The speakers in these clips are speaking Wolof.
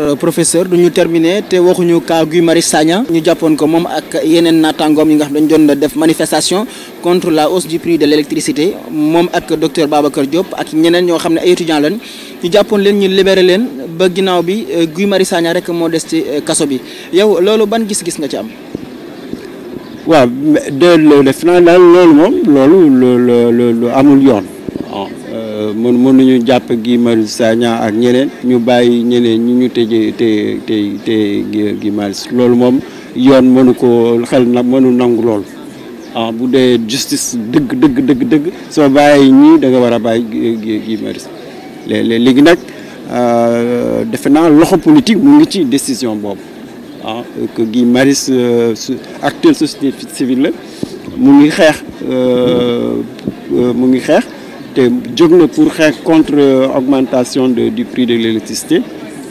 Euh, professeur du ñu terminé te waxuñu cas Guy mari Sagna ñu jàppoon ko moom ak yeneen naataangoom yi nga xam dañ doon def manifestation contre la hausse du prix de l'électricité moom ak docteur Babacar Diop ak ñeneen ñoo xam ne ay étudiants ñu jàppoon leen ñu libéré leen ba ginnaaw bi euh, Guy Marius Sagna rek moo des ci euh, kaso bi yow loolu ban gis-gis nga ci am. waaw de def naa daal loolu moom loolu lu amul yoon. Ah. Euh, mën mën nañu jàpp gi Marius Sagna ak ñeneen ñu bàyyi ñeneen ñu ñu tëjee te te te Guy Marius loolu moom yoon mënu ko xel na mënu nangu lool ah bu dee justice dëgg dëgg dëgg dëgg soo bàyyi ñii da war a bàyyi Guy Marius léeg-léeg nag defe naa loxo politique mu ngi ci décision boobu ah que Guy Marius euh, acteur société civile la mu ngi xeex euh, euh, mu ngi xeex te jóg na pour xeex contre augmentation de du prix de l'électricité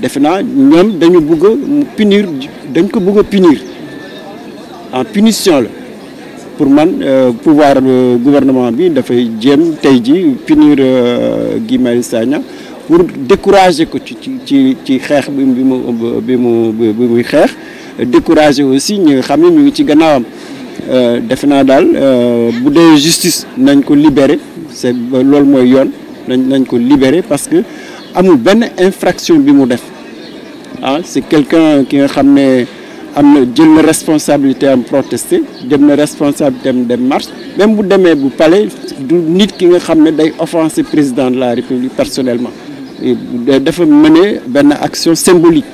defe naa ñoom dañu bëgg a punir dañ ko bëgg a en ah, punition la pour man pouvoir gouvernement bi dafay jéem tey ji punir gi maris Sagna pour décourager ko ci ci ci ci xeex bi bi mu bi mu bi muy xeex décourager aussi ñi nga xam ne ñu ngi ci gannaawam euh, defe naa daal euh, bu dee justice nañ ko libérer c'est loolu mooy yoon nañ nañ ko libérer parce que amul benn infraction bi mu def ah c'est quelqu'un ki nga xam ne am na jël na responsabilité am protester jël na responsabilité am dem marche même bu demee bu palais du nit ki nga xam ne day offenser président de la république personnellement dafa mener benn action symbolique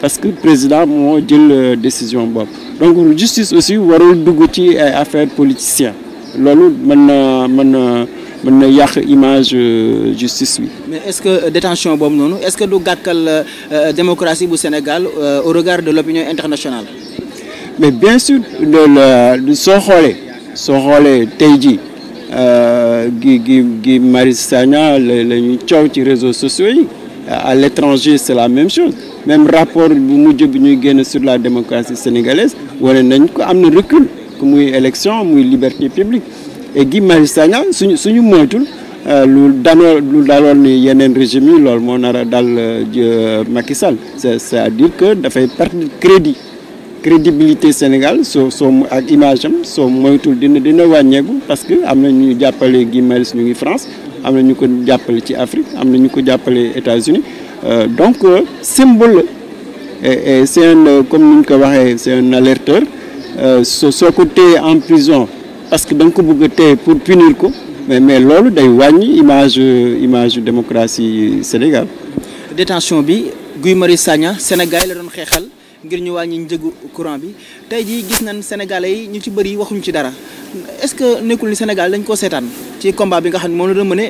parce que président moo jël euh, décision bopp donc justice aussi warul dugg ci ay affaire politicien loolu mën na mën na mën na yàq image euh, justice bi. mais est-ce que euh, détention boobu noonu est-ce que du gàkkal démocratie bu Sénégal au regard de l'opinion internationale. mais bien sûr soo xoolee soo xoolee tey jii. Euh, Guy Guy Guy Marius Sagna la la coow ci réseaux sociaux yi à l'étranger c'est la même chose même rapport bu mu bi ñuy génn sur la démocratie sénégalaise wane nañ ko am na recul que muy élection muy liberté publique et Guy Marius Sagna suñu suñu moytul euh, lu danoo lu daloon yeneen régime yi loolu moo nar a dal euh, Macky Sall c'est c'est-à-dire que dafay perdre crédit crédibilité Sénégal soo soo ak image soo moytul dina dina wàññeeku parce que am na ñu jàppale Guy Marius ñu ngi France am na ñu ko jàppale ci Afrique am na ñu ko jàppale États-Unis euh, donc euh, symbole et c' euh, comme ni ñu ko waxee c' est un alerteur soo ko téye en prison parce que da nga ko bëgg a téye pour punir ko mais mais loolu day wàññi image image démocratie Sénégal. détention bi Guy Marius Sagna Sénégal la doon xeexal. ngir ñu wàññi njëgu courant bi tey jii gis nañ sénégalais yi ñu ci bëri waxuñ ci dara est-ce que nekkul ni Sénégal dañ koo seetaan ci combat bi nga xam ne moom la doon mëne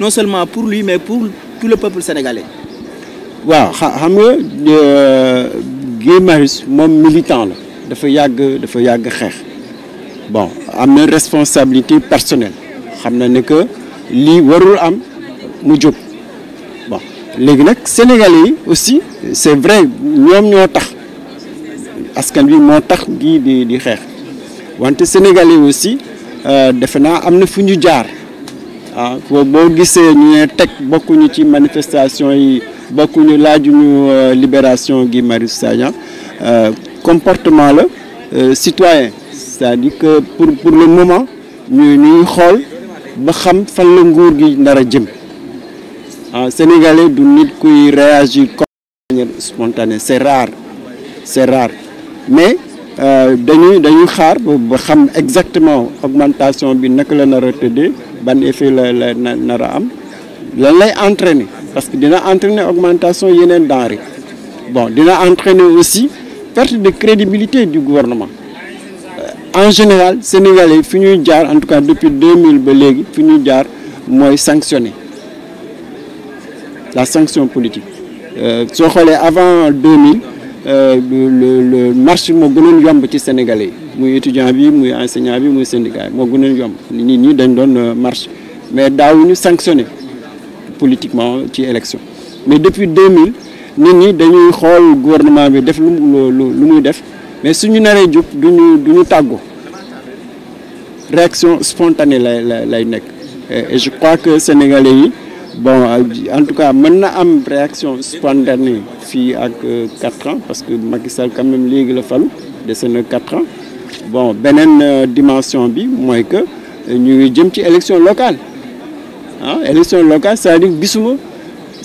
non seulement pour lui mais pour tout le peuple sénégalais. waaw xam nga euh, Guy moom militant la dafa yàgg dafa yàgg xeex bon am responsabilité personnelle xam na ne que lii warul am mu jóg bon léegi nag sénégalais yi aussi c'est vrai ñoom ñoo tax. askan bi moo tax di di di xeex wante sénégalais aussi euh, defe naa am na fu ñu jaar ah boo gisee ñu ne teg bokkuñu ci manifestation yi bokkuñu laajuñu euh, libération Guy Marius Sagna euh, comportement la citoyen c'est-à-dire que pour pour le moment ñu ñuy xool ba xam fan la nguur gi nar a jëm ah sénégalais du nit kuy réagir comme spontané c'est rare c'est rare mais euh, dañuy dañuy xaar ba xam exactement augmentation bi naka la nar a tëddee ban effet la la nar a am lan lay entraîner parce que dina entraîner augmentation yeneen denrées bon dina entraîner aussi perte de crédibilité du gouvernement euh, en général sénégalais fi ñuy jaar en tout cas depuis 2000 ba léegi fi ñuy jaar mooy sanctionner la sanction politique euh, soo xoolee avant 2000. Euh, le marche moo gënoon yomb ci Sénégalais yi muy étudiant bi muy enseignant bi muy syndicat moo gënoon yomb nit ñi dañ doon euh, marche mais daawuñu sanctionné politiquement ci élection mais depuis mille nit ñi dañuy xool gouvernement bi def lu lu muy def mais suñu naree jub duñu duñu tàggoo réaction spontanée lay lay nekk et je crois que sénégalais yi. bon euh, en tout cas mën na am réaction spontanée fii ak euh, quatre ans parce que Macky Sall quand même léegi la falu dese na quatre ans bon beneen euh, dimension bi mooy que ñu ngi jëm ci élection locale ah élection locale c'est-à-dire gisuma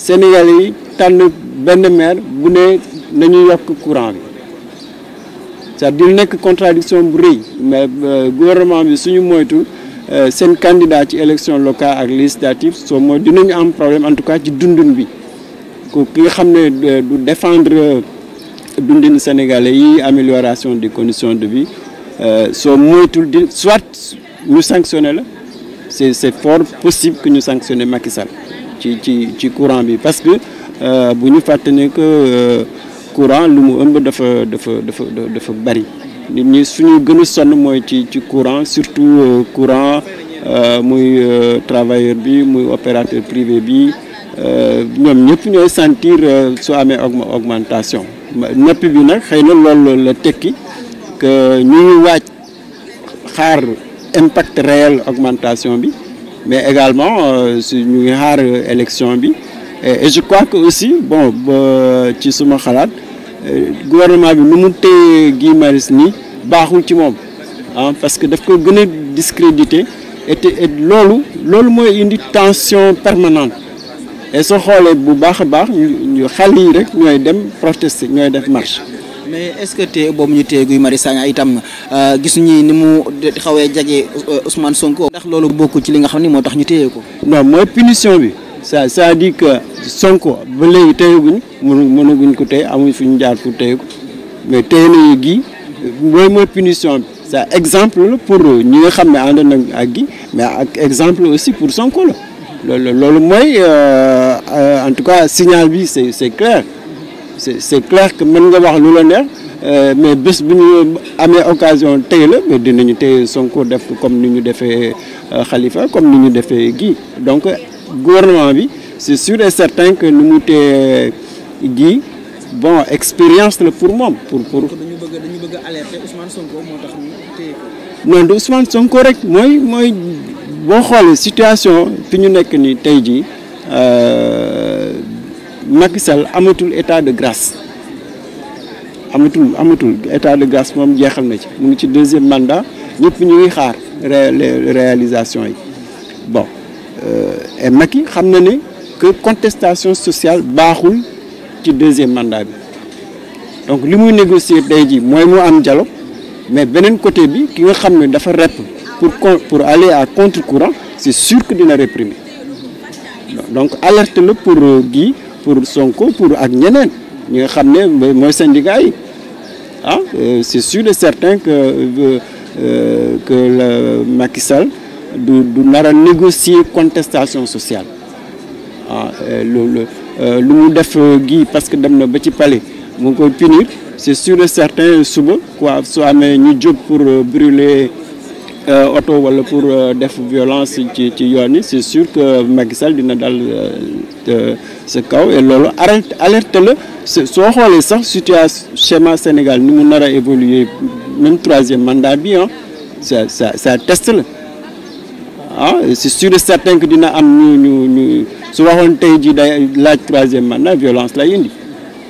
Sénégalais yi tànn benn maire bu ne nañu yokk courant bi c'est-à-dire nekk contradiction bu rëy mais gouvernement bi suñu moytu Euh, seen candidat ci élection locale ak législative soo mooy dinañu am problème en tout cas ci dundin bi ku ki nga xam ne euh, du défendre euh, dundin sénégalais yi amélioration de condition de vie soo moytul di soit ñu sanctionné la c'est c'est fort possible que ñu sanctionné Macky ci ci ci courant bi parce que bu ñu fàtte ne courant lu mu ëmb dafa dafa dafa dafa bari nit ñi suñu gën a sonn mooy ci ci courant surtout euh, courant euh, muy euh, travailleur bi muy opérateur privé bi ñoom ñëpp ñooy sentir su amee augmentation noppi bi nag xëy na loolu la tekki que ñuy waaj xaar impact réel augmentation bi mais également su ñu xaar élection bi et je crois que aussi bon ci suma xalaat Euh, gouvernement bi nu mu téye Guy maris nii baaxul ci moom ah parce que daf ko gën a discrédité et loolu loolu mooy indi tension permanente et soo xoolee bu baax a baax ñu xal yi rek ñooy dem protester ñooy def marche. mais est-ce que boobu ñu téye Guy Marius Sagna itam euh, gis ñi ni mu xawee jage euh, Ousmane Sonko. ndax loolu bokk ci li nga xam ni moo tax ñu téye ko. non mooy punition bi. ça c'est-à-dire que Sonko ba léegi téyaguñ mënu mënaguñ ko téye amuñu fu ñu jaar pour téye ko mais téye nañu gi mooy mooy punition bi ça exemple la pour ñi nga xam ne ànd na ak gi mais ak exemple aussi pour Sonko la loolu loolu mooy euh, euh, en tout cas signal bi c'est c'est clair c'est c'est clair que mën nga wax lu la neex euh, mais bés bu ñu amee occasion tey la mais dinañu tey Sonko def comme ni ñu defee xalifa comme ni ñu defee gi donc gouvernement bi c'est sûr et certain que nu mu tee gi bon expérience la pour moom pour pour. dañu bëgg dañu bëgg alerter Ousmane Sonko moo tax ñu téye ko. Sonko rek mooy mooy boo xoolee situation fi ñu nekk ni tey jii euh, Macky Sall amatul état de grâce amatul amatul état de grâce moom jeexal na ci mu ngi ci deuxième mandat ñëpp ñu ngi xaar réalisation yi bon. Euh, et Macky xam na ni que contestation sociale baaxul ci deuxième mandat bi donc li muy négocier tey jii mooy mu am dialogue mais beneen côté bi ki nga xam ne dafa repp pour pour aller à contre-courant c'est sûr que dina réprimer donc alerte la pour euh, Guy pour Sonko pour ak ñeneen ñi nga xam ne mooy syndicat yi ah euh, c'est sûr et certain que que le du du nar a négocier contestation sociale ah euh, loolu euh, lu mu def euh, gii parce que dem na ba ci palais mu ngi koy punir c'est sûr et certain suba quoi amee ñu jóg pour brûler oto wala pour def violence ci ci yoon yi c'est sûr que Macky dina dal sa kaw et loolu alerte la soo xoolee sax situation schéma Sénégal ni mu nar a évoluer même troisième mandat bi ah ça test la. ah c'est sur et certain que dina am ñu ñu ñu su waxoon tey jii day laaj troisième mandat violence lay indi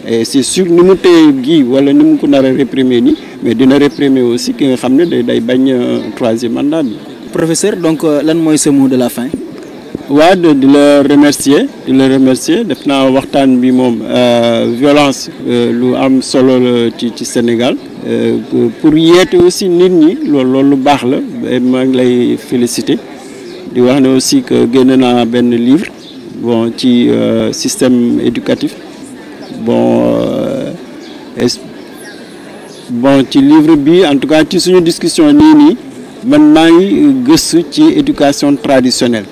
et c'est sûr ni mu téye gii wala ni mu ko nar a réprimer nii mais dina réprimer aussi ki nga xam ne day day bañ euh, troisième mandat bi. professeur donc euh, lan mooy ce mot de la fin. waa de di la remercier di la remercier def na waxtaan bi moom euh, violence lu am solo la ci ci Sénégal pour yeete aussi nit ñi loolu loolu lu baax la maa ngi lay féliciter. di wax ne aussi que génne naa benn livre bon ci euh, système éducatif bon euh, bon ci livre bi en tout cas ci suñu discussion nii nii man maa ngi gëstu ci éducation traditionnelle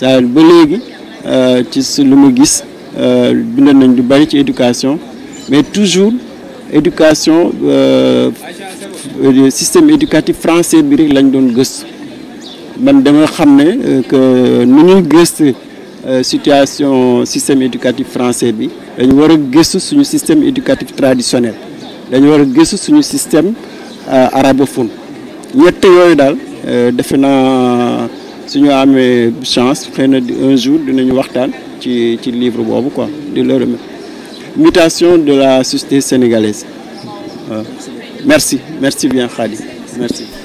saa ba léegi euh, ci lu ma gis bind nañ du bari ci éducation mais toujours éducation système éducatif français bi rek lañ doon gëstu man dama xam ne euh, nu ñuy gëstu euh, situation système éducatif français bi dañu war a gëstu suñu système éducatif traditionnel dañu war a gëstu suñu système euh, arabophone ñett yooyu daal defe naa suñu amee chance xëy na un jour dinañu waxtaan ci ci livre boobu quoi di le remercier mutation de la société sénégalaise merci merci bien Khady